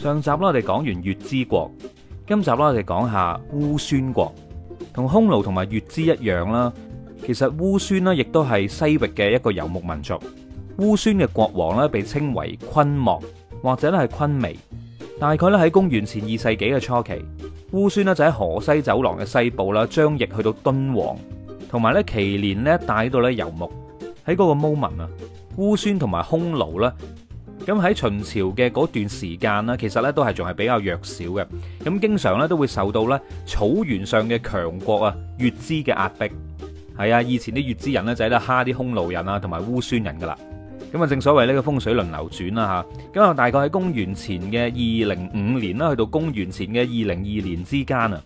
上集啦，我哋講完月氏國，今集啦我哋講一下烏孫國，同匈奴同埋月氏一樣啦。其實烏孫呢亦都係西域嘅一個游牧民族。烏孫嘅國王呢，被稱為昆莫或者咧係昆彌。大概咧喺公元前二世紀嘅初期，烏孫呢就喺河西走廊嘅西部啦，張掖去到敦煌，同埋咧祁連咧帶到咧游牧喺嗰個牧民啊。烏孫同埋匈奴咧。咁喺秦朝嘅嗰段時間呢，其實呢都係仲係比較弱小嘅。咁經常呢都會受到呢草原上嘅強國啊，月氏嘅壓迫。係啊，以前啲月氏人呢，就喺度蝦啲匈奴人啊，同埋烏孫人噶啦。咁啊，正所謂呢個風水輪流轉啦吓，咁啊，大概喺公元前嘅二零五年啦，去到公元前嘅二零二年之間啊，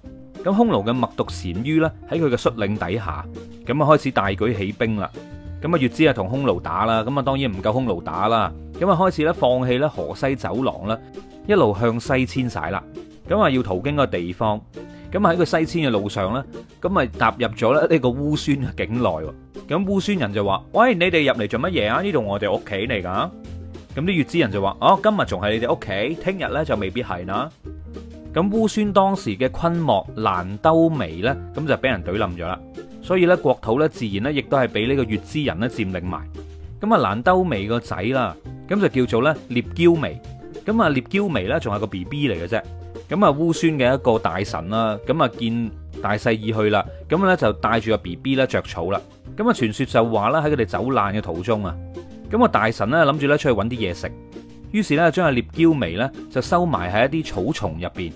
咁匈奴嘅冒頓單于呢，喺佢嘅率領底下，咁啊開始大舉起兵啦。咁啊，月之啊同匈奴打啦，咁啊當然唔夠匈奴打啦，咁啊開始咧放棄咧河西走廊啦，一路向西遷徙啦，咁啊要途經個地方，咁啊喺個西遷嘅路上咧，咁啊踏入咗咧呢個烏孫境內，咁烏孫人就話：，喂，你哋入嚟做乜嘢啊？呢度我哋屋企嚟噶。咁啲月之人就話：，哦，今日仲係你哋屋企，聽日咧就未必係啦。咁烏孫當時嘅昆莫蘭兜尾咧，咁就俾人懟冧咗啦。所以咧，國土咧，自然咧，亦都係俾呢個月氏人咧佔領埋。咁啊，蘭兜眉個仔啦，咁就叫做咧獵嬌眉。咁啊，獵嬌眉咧，仲係個 B B 嚟嘅啫。咁啊，烏孫嘅一個大臣啦，咁啊見大勢已去啦，咁咧就帶住個 B B 咧着草啦。咁啊，傳説就話啦，喺佢哋走難嘅途中啊，咁啊，大臣咧諗住咧出去揾啲嘢食，於是咧將阿獵嬌眉咧就收埋喺一啲草叢入邊。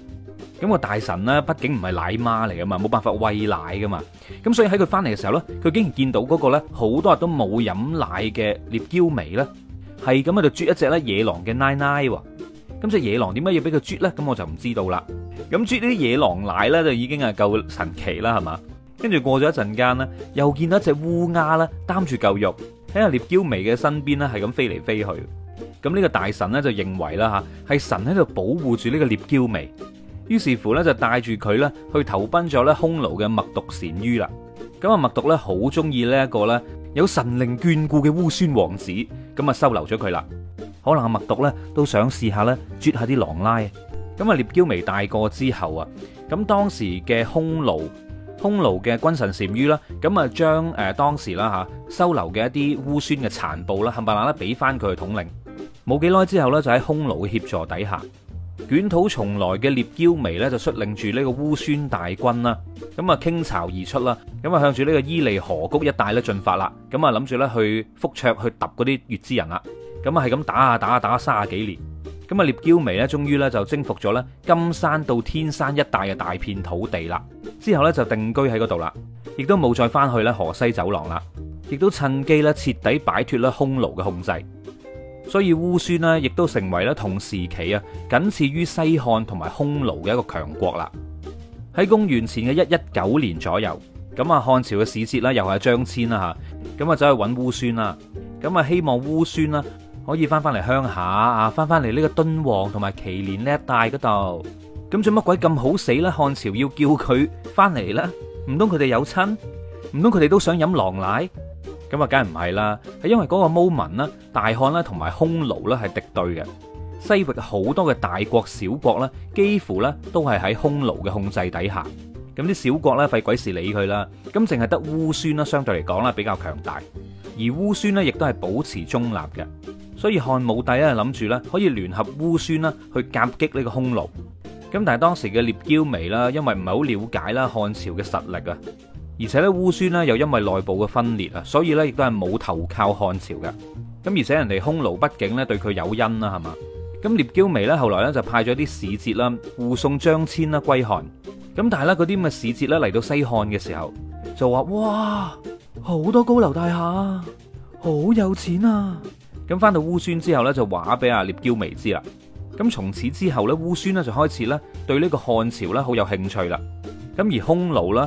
咁個大神咧，畢竟唔係奶媽嚟噶嘛，冇辦法餵奶噶嘛。咁所以喺佢翻嚟嘅時候咧，佢竟然見到嗰個咧好多日都冇飲奶嘅獵嬌眉咧，係咁喺度啜一隻咧野狼嘅奶奶喎。咁隻野狼點解要俾佢啜咧？咁我就唔知道啦。咁啜呢啲野狼奶咧，就已經係夠神奇啦，係嘛？跟住過咗一陣間咧，又見到一隻烏鴉咧擔住嚿肉喺個獵嬌眉嘅身邊咧，係咁飛嚟飛去。咁呢個大神咧就認為啦吓，係神喺度保護住呢個獵嬌眉。於是乎咧，就帶住佢咧去投奔咗咧匈奴嘅墨毒蟬於冒頓單于啦。咁啊，冒頓咧好中意呢一個咧有神靈眷顧嘅烏孫王子，咁啊收留咗佢啦。可能阿冒頓咧都想試下咧啜下啲狼奶。咁啊，獵驕靡大個之後啊，咁當時嘅匈奴，匈奴嘅軍臣單于啦，咁啊將誒當時啦嚇收留嘅一啲烏孫嘅殘部啦，冚唪唥咧俾翻佢去統領。冇幾耐之後咧，就喺匈奴嘅協助底下。捲土重來嘅獵驕靡就率領住呢個烏孫大軍啦，咁啊傾巢而出啦，咁啊向住呢個伊犁河谷一帶咧進發啦，咁啊諗住咧去覆桌去揼嗰啲月氏人啦，咁啊係咁打下打下，打三十幾年，咁啊獵驕靡終於咧就征服咗咧金山到天山一帶嘅大片土地啦，之後咧就定居喺嗰度啦，亦都冇再翻去咧河西走廊啦，亦都趁機咧徹底擺脫咧匈奴嘅控制。所以烏孫呢，亦都成為咧同時期啊，僅次於西漢同埋匈奴嘅一個強國啦。喺公元前嘅一一九年左右，咁啊漢朝嘅使節啦，又係張騫啦吓，咁啊走去揾烏孫啦，咁啊希望烏孫啦可以翻返嚟鄉下啊，翻返嚟呢個敦煌同埋祁連呢一帶嗰度。咁做乜鬼咁好死呢？漢朝要叫佢翻嚟呢？唔通佢哋有親？唔通佢哋都想飲狼奶？咁啊，梗係唔係啦，係因為嗰個 moment 啦，大漢啦同埋匈奴啦係敵對嘅，西域好多嘅大國小國咧，幾乎咧都係喺匈奴嘅控制底下。咁啲小國咧，費鬼事理佢啦，咁淨係得烏孫啦，相對嚟講啦比較強大，而烏孫咧亦都係保持中立嘅，所以漢武帝咧諗住咧可以聯合烏孫啦去夾擊呢個匈奴。咁但係當時嘅獵驕靡啦，因為唔係好瞭解啦漢朝嘅實力啊。而且咧，烏孫呢又因為內部嘅分裂啊，所以咧亦都係冇投靠漢朝嘅。咁而且人哋匈奴畢竟咧對佢有恩啦，係嘛。咁獵驕靡呢後來咧就派咗啲使節啦護送張騫啦歸漢。咁但係咧嗰啲咁嘅使節咧嚟到西漢嘅時候，就話哇好多高樓大廈，好有錢啊！咁翻到烏孫之後咧，就話俾阿獵驕靡知啦。咁從此之後咧，烏孫呢就開始咧對呢個漢朝咧好有興趣啦。咁而匈奴啦。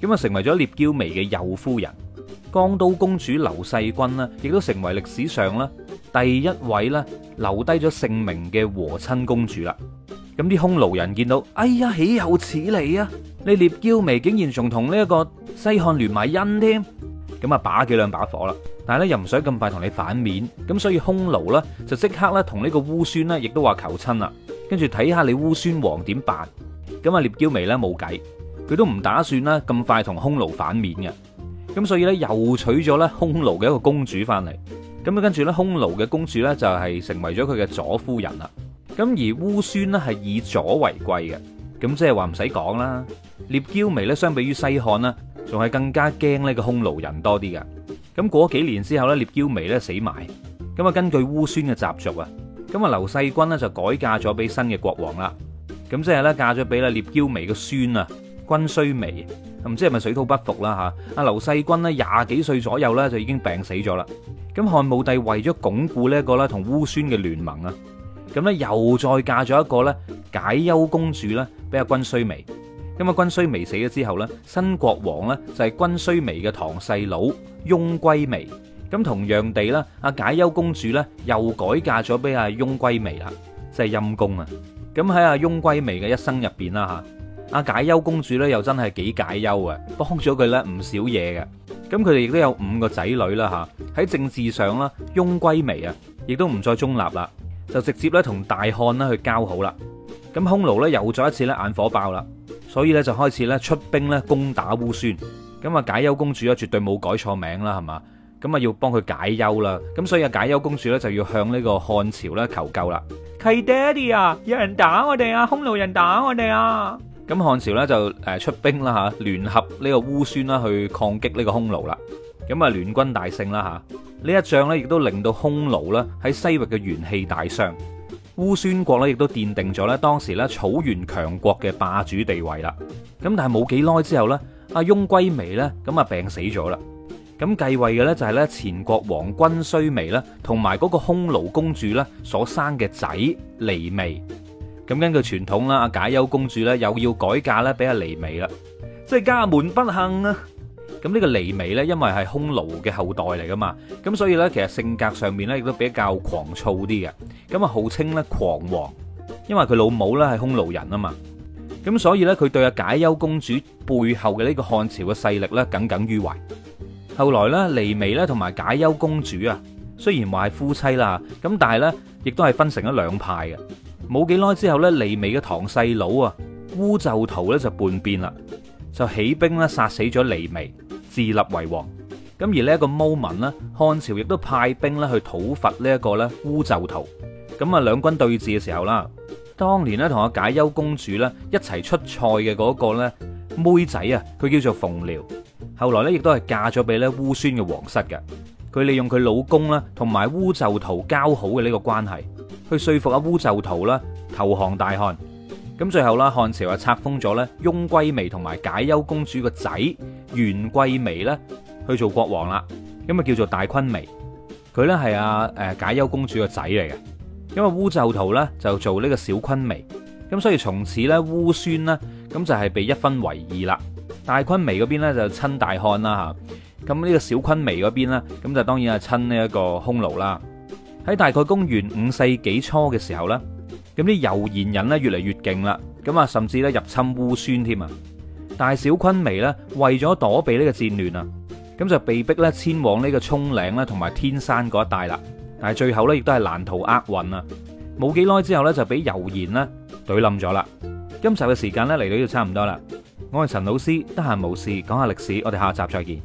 咁啊，成為咗聶嬌眉嘅右夫人，江都公主劉細君呢，亦都成為歷史上咧第一位咧留低咗姓名嘅和親公主啦。咁啲匈奴人見到，哎呀，豈有此理啊！你聶嬌眉竟然仲同呢一個西漢聯埋姻添，咁啊，把幾兩把火啦。但係咧，又唔想咁快同你反面，咁所以匈奴呢，就即刻咧同呢個烏孫呢，亦都話求親啦。跟住睇下你烏孫王點辦。咁啊，聶嬌眉呢，冇計。佢都唔打算啦，咁快同匈奴反面嘅，咁所以呢，又娶咗呢匈奴嘅一個公主翻嚟，咁跟住呢，匈奴嘅公主呢，就係成為咗佢嘅左夫人啦。咁而烏孫呢，係以左為貴嘅，咁即係話唔使講啦。獵嬌眉呢，相比於西漢呢，仲係更加驚呢個匈奴人多啲㗎。咁過咗幾年之後呢，獵嬌眉呢死埋，咁啊根據烏孫嘅習俗啊，咁啊劉細君呢就改嫁咗俾新嘅國王啦。咁即係呢，嫁咗俾啦獵嬌眉嘅孫啊。君須靡唔知係咪水土不服啦，吓，阿劉細君呢，廿幾歲左右呢，就已經病死咗啦。咁漢武帝為咗鞏固呢一個咧同烏孫嘅聯盟啊，咁呢又再嫁咗一個咧解憂公主咧俾阿君須靡。咁阿君須靡死咗之後呢，新國王呢，就係君須靡嘅堂細佬翁歸靡。咁同樣地咧，阿解憂公主呢，又改嫁咗俾阿翁歸靡啦，真係陰公啊！咁喺阿翁歸靡嘅一生入邊啦吓。阿解憂公主咧，又真係幾解憂嘅，幫咗佢咧唔少嘢嘅。咁佢哋亦都有五個仔女啦。吓喺政治上啦，翁歸靡啊，亦都唔再中立啦，就直接咧同大漢咧去交好啦。咁匈奴咧又再一次咧眼火爆啦，所以咧就開始咧出兵咧攻打烏孫。咁啊，解憂公主咧絕對冇改錯名啦，係嘛咁啊，要幫佢解憂啦。咁所以阿解憂公主咧就要向呢個漢朝咧求救啦。契爹哋啊，有人打我哋啊，匈奴人打我哋啊！咁漢朝咧就誒出兵啦嚇，聯合呢個烏孫啦，去抗擊呢個匈奴啦。咁啊聯軍大勝啦嚇，呢一仗呢，亦都令到匈奴啦喺西域嘅元氣大傷。烏孫國咧亦都奠定咗咧當時咧草原強國嘅霸主地位啦。咁但係冇幾耐之後咧，阿翁歸眉咧咁啊病死咗啦。咁繼位嘅咧就係咧前國王君須眉啦，同埋嗰個匈奴公主咧所生嘅仔離微。黎眉咁根據傳統啦，阿解憂公主咧又要改嫁咧俾阿泥靡啦，即係家門不幸啦。咁呢個泥靡咧，因為係匈奴嘅後代嚟噶嘛，咁所以咧其實性格上面咧亦都比較狂躁啲嘅。咁啊號稱咧狂王，因為佢老母咧係匈奴人啊嘛。咁所以咧佢對阿解憂公主背後嘅呢個漢朝嘅勢力咧耿耿於懷。後來咧泥靡咧同埋解憂公主啊，雖然話係夫妻啦，咁但係咧亦都係分成咗兩派嘅。冇幾耐之後呢泥靡嘅堂細佬啊，烏就屠呢就叛變啦，就起兵呢殺死咗泥靡，自立為王。咁而呢一個 moment 呢，漢朝亦都派兵呢去討伐呢一個咧烏就屠。咁啊兩軍對峙嘅時候啦，當年呢，同阿解憂公主呢一齊出塞嘅嗰個呢，妹仔啊，佢叫做馮嫽，後來呢，亦都係嫁咗俾呢烏孫嘅皇室嘅。佢利用佢老公呢，同埋烏就屠交好嘅呢個關係。去說服阿烏就屠啦投降大漢，咁最後啦，漢朝啊冊封咗咧翁歸靡同埋解憂公主個仔元貴靡咧去做國王啦，咁啊叫做大昆彌，佢咧係阿誒解憂公主個仔嚟嘅，因為烏就屠咧就做呢個小昆彌，咁所以從此咧烏孫呢咁就係被一分為二啦，大昆彌嗰邊咧就親大漢啦吓，咁呢個小昆彌嗰邊咧咁就當然係親呢一個匈奴啦。喺大概公元五世紀初嘅時候呢，咁啲柔然人咧越嚟越勁啦，咁啊甚至呢入侵烏孫添啊，大小昆彌呢，為咗躲避呢個戰亂啊，咁就被逼，咧遷往呢個蔥嶺咧同埋天山嗰一帶啦，但係最後呢，亦都係難逃厄運啊，冇幾耐之後呢，就俾柔然呢懟冧咗啦。今集嘅時間呢，嚟到呢度差唔多啦，我係陳老師，得閒無事講下歷史，我哋下集再見。